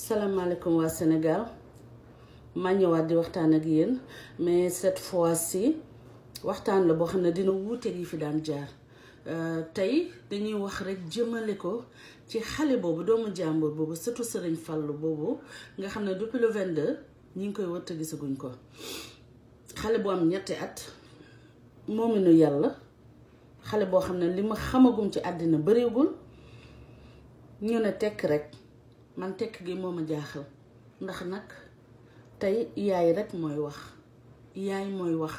salaamaaleykum waa Sénégal maa ñëwaat di waxtaan ak yéen mais cette fois-ci waxtaan la boo xam ne dina wuuteeg yi fi daan jaar euh, tey dañuy wax rek jëmale ko ci xale boobu doomu jàmbur boobu sëtu Sëriñ Fallu boobu nga xam ne depuis le 22 ñi ngi koy wër gisaguñ ko xale bu am ñetti at moom moominu yàlla xale boo xam ne li ma xamagum ci àddina bëriwul ñu ne tekk rek. man tekk gi moo ma jaaxal ndax nag tey yaay rek mooy wax yaay mooy wax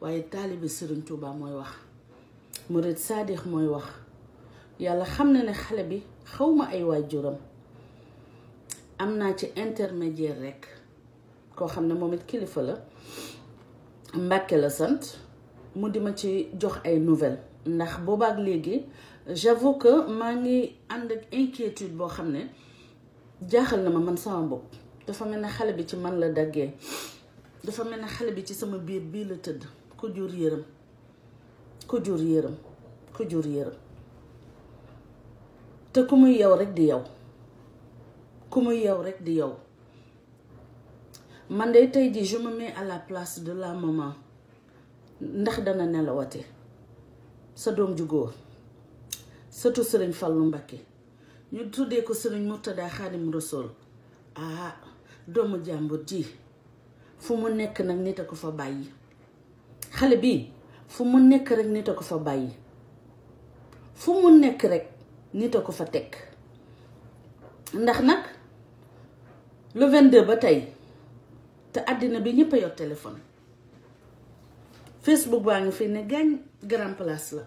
waaye taalibe Sëriñ Tuuba mooy wax murid saadix mooy wax yàlla xam na ne xale bi xaw ma ay waajuram am naa ci intermédiaire rek koo xam ne moom it kilifa la Mbàkke la sant mu di ma ci jox ay nouvelles ndax boobaak léegi j'avoue que maa ngi ànd ak inquiétude boo xam ne jaaxal na ma man sama bopp dafa mel ne xale bi ci man la daggee dafa mel ne xale bi ci sama biir bii la tëdd ku jur yërëm ku jur yërëm ku jur yërëm te ku muy yow rek di yow ku muy yow rek di yow man de tey jii je mais à la place de la maman ndax dana nelawate sa doom ju góor surtout Sëriñ Fallu Mbakke ñu tuddee ko sëriñ Murtada Xaadim Rasul ah doomu jàmbur ji fu mu nekk nag nit a ko fa bàyyi xale bi fu mu nekk rek nit a ko fa bàyyi fu mu nekk rekk nit a ko fa teg ndax nag le 22 ba tey te àddina bi ñëpp a yor téléphone Facebook baa ngi fi ne gaañ grand place la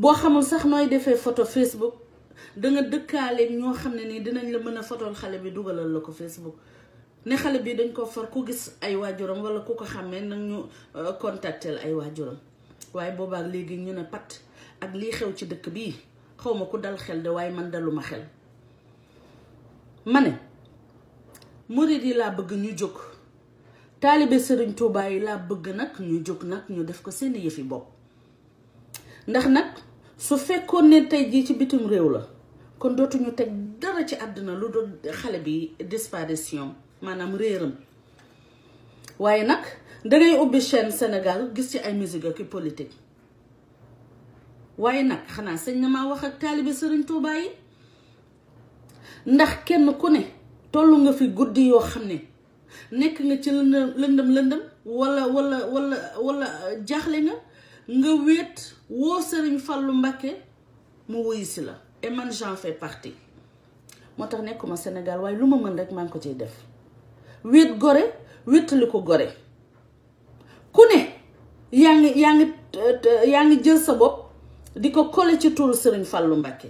boo xamul sax nooy defee photo Facebook. da dëkkaale ñoo xam ne nii dinañ la mën a fotool xale bi dugalal la ko Facebook ne xale bi dañ koo far ku gis ay waajuram wala ku ko xamee nag ñu euh, contactel ay waajuram waaye boobaak léegi ñu ne pat ak lii xew ci dëkk bii xaw ma ku dal xel de waaye man daluma xel ma ne murid yi laa bëgg ñu jóg taalibe sëriñ Tuubaa yi laa bëgg nag ñu jóg nag ñu def ko seen yëfi bopp ndax nag su fekkoon ne tey jii ci bitim réew la kon dootuñu teg dara ci àdduna lu doon xale bi disparition maanaam réeram waaye nag dangay ubbi chaîne Sénégal gis ci ay musique ak politique waaye nag xanaa sëñ na ma wax ak taalibe sëriñ Tuubaa ndax kenn ku ne tollu nga fi guddi yoo xam ne nekk nga ci lëndëm lëndëm lëndëm wala walla wala wala jaaxle nga nga wéet woo sëriñ Fallu Mbàkke mu wuyu la et man j'en fais moo tax nekkuma Sénégal waaye lu ma mën rek maa ngi ko ciy def wéet gore wéttali ko gore ku ne yaa ngi yaa ngi yaa ngi jël sa bopp di ko kole ci turu Serigne Fallou Mbacké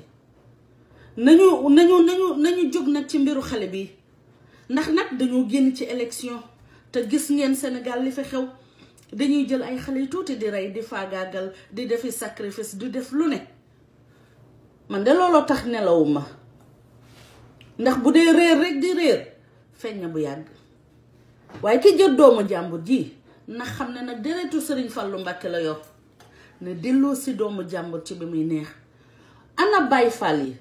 nañu nañu nañu nañu jóg nag ci mbiru xale bi ndax nag dañoo génn ci élection te gis ngeen Sénégal li fi xew dañuy jël ay xale yu tuuti di rey di faagaagal di defi sacrifice di def lu ne man de looloo tax nelawuma ndax bu dee réer rek di réer feeñ na bu yàgg waaye ki jot doomu jàmbur ji ndax xam ne na deretu sëriñ Fallu Mbàkke la yor ne delloo si doomu jàmbur ci bi muy neex ana Baay Faal yi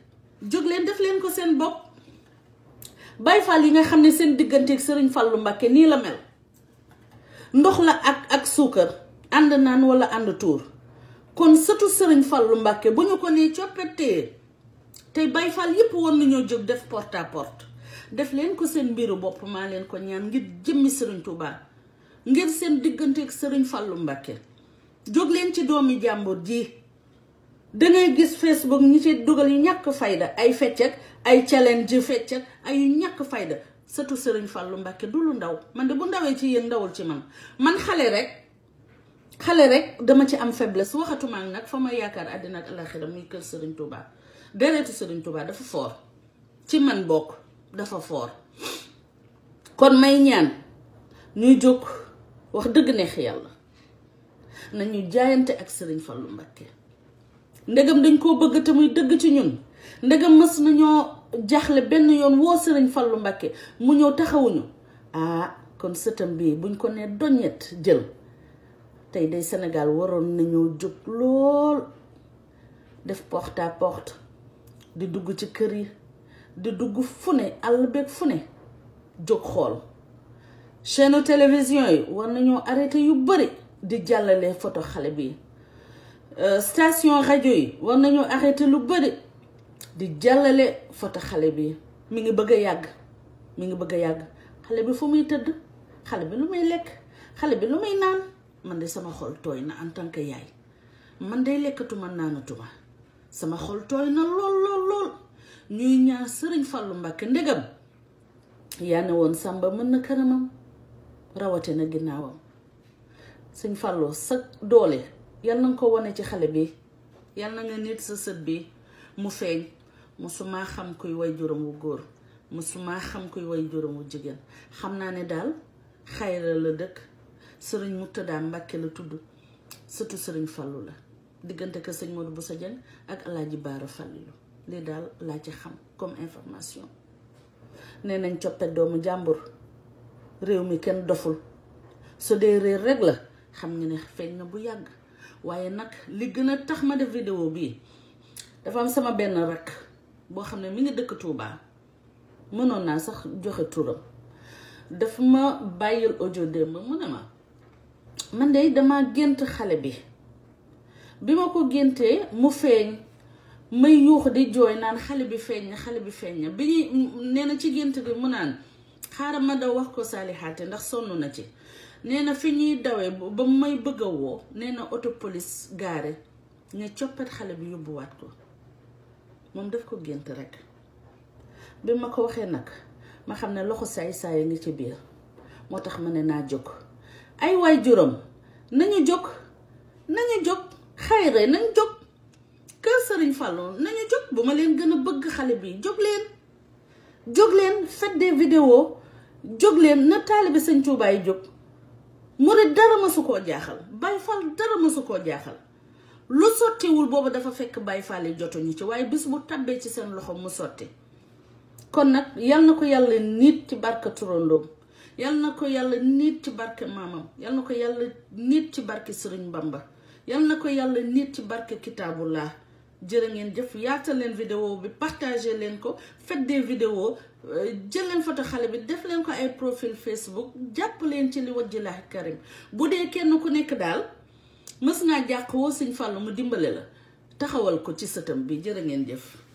jóg leen def leen ko seen bopp bay Faal yi nga xam ne seen digganteeg sëriñ Fallu Mbàkke nii la mel ndox la ak ak suukar ànd naan wala ànd tuur kon sëtu Serigne Fallou Mbacké bu ñu ko nee coppetee tey Baye Fall yëpp war nañoo jóg def porte à def leen ko seen mbiru bopp maa leen ko ñaan ngir jëmmi Serigne Touba ngir seen diggante ak Serigne Fallou Mbacké jóg leen ci doomi jàmbur ji dangay gis Facebook ñi ci dugal yu ñàkk fayda ay feccet ay challenge feccet ay yu ñàkk fayda sëtu Serigne Fallou Mbacké du lu ndaw man de bu ndawee ci yéen ndawul ci man man xale rek. xale rek dama ci am faiblesse waxatumaa nag fa ma yaakaar àddina ak alaxira muy kër Serigne Touba deretu Serigne tubaa dafa foor ci man bokk dafa foor kon may ñaan ñuy jóg wax dëgg neex yàlla nañu jaayante ak Serigne Fallou Mbacké ndegam dañ koo bëgg te muy dëgg ci ñun ndegam mës ñoo jaaxle benn yoon woo Serigne Fallou Mbacké mu ñëw taxawuñu ah kon sëtam bii buñ ko nee doñet jël tey day Sénégal waroon nañoo jóg lool def porte à porte di dugg ci kër yi di dugg fu ne àll beeg fu ne jóg xool chaîne télévision yi war nañoo arrêté yu bëri di jàllale photo xale bi euh, station rajo yi war nañoo arrêté lu bëri di jàllale photo xale bi mi ngi bëgg a yàgg mu ngi bëgg a yàgg xale bi fu muy tëdd xale bi lu muy lekk xale bi lu muy naan man de sama xol tooy na en tant que yaay man day lekkatuma naanatuma sama xol tooy na lool lool ñuy ñaar sëriñ Fàllu Mbàkke ndegam yaa ne woon sàmba mën na kanamam rawate na ginnaawam sëñ Fàllu sa doole yal na nga ko wone ci xale bi yal na nga nit sa sët bi mu feeñ musuma xam kuy way juróom wu góor musuma xam kuy way juróom wu jigéen xam naa ne daal xayra la dëkk sëriñ Murtada Mbàkke la tudd sëtu sëriñ Fàllu la diggante ko sëñ Modou sa Dieng ak Alaaji Baara Fàllilu lii daal laa ci xam comme information nee nañ coppet doomu jàmbur réew mi kenn doful su dee réer rek la xam nga ne feeñ na bu yàgg waaye nag li gën a tax ma def vidéo bii dafa am sama benn rak boo xam ne mi ngi dëkk Touba mënoon naa sax joxe turam daf ma bàyyil audio démb mu ne ma man de dama gént xale bi bi ma ko géntee mu feeñ may yuux di jooy naan xale bi feeñ na xale bi feeñ bi ñuy nee na ci gént gi mu naan xaaral ma daw wax ko saalixaate ndax sonn na ci nee na fi ñuy dawee ba may bëgg a woo nee na oto police gaare ne coppat xale bi yóbbuwaat ko moom def ko gént rekk bi ma ko waxee nag ma xam ne loxo saay saay a ngi ci biir moo tax ma ne naa jóg ay waay juróom nañu jóg nañu jóg xayre nañu jóg kër Sëriñ Fallou nañu jóg bu ma leen gën a bëgg xale bi jóg leen jóg leen faites des vidéos leen na taalibe Sëñ Tuubaa yi jóg murit dara masu koo jaaxal Baay Fall dara masu koo jaaxal lu sottiwul boobu dafa fekk Baay Fall yi jotuñu ci waaye bis bu tàbbee ci seen loxo mu sotti kon nag yal na ko yàlla nit ci barka turandoom yal na ko yàlla niit ci barke maamam yal na ko yàlla niit ci barke Sëriñ Bamba yal na ko yàlla nit ci barke Kitaabullah jërë ngeen jëf yaataleen leen vidéo bi partagé leen ko faites des vidéos euh, jël leen foto xale bi def leen ko ay profil Facebook jàpp leen ci li wajjilaahi karim bu dee kenn ku nekk daal mës ngaa jàq woo Sëñ Fàllu mu dimbale la taxawal ko ci sëtam bi jërë ngeen jëf